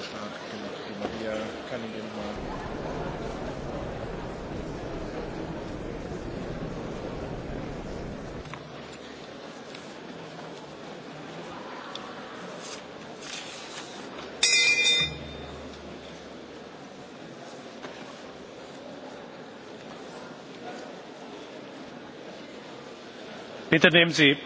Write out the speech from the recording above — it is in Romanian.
vorgeschlagen, die Maria Cunningham bitte nehmen sie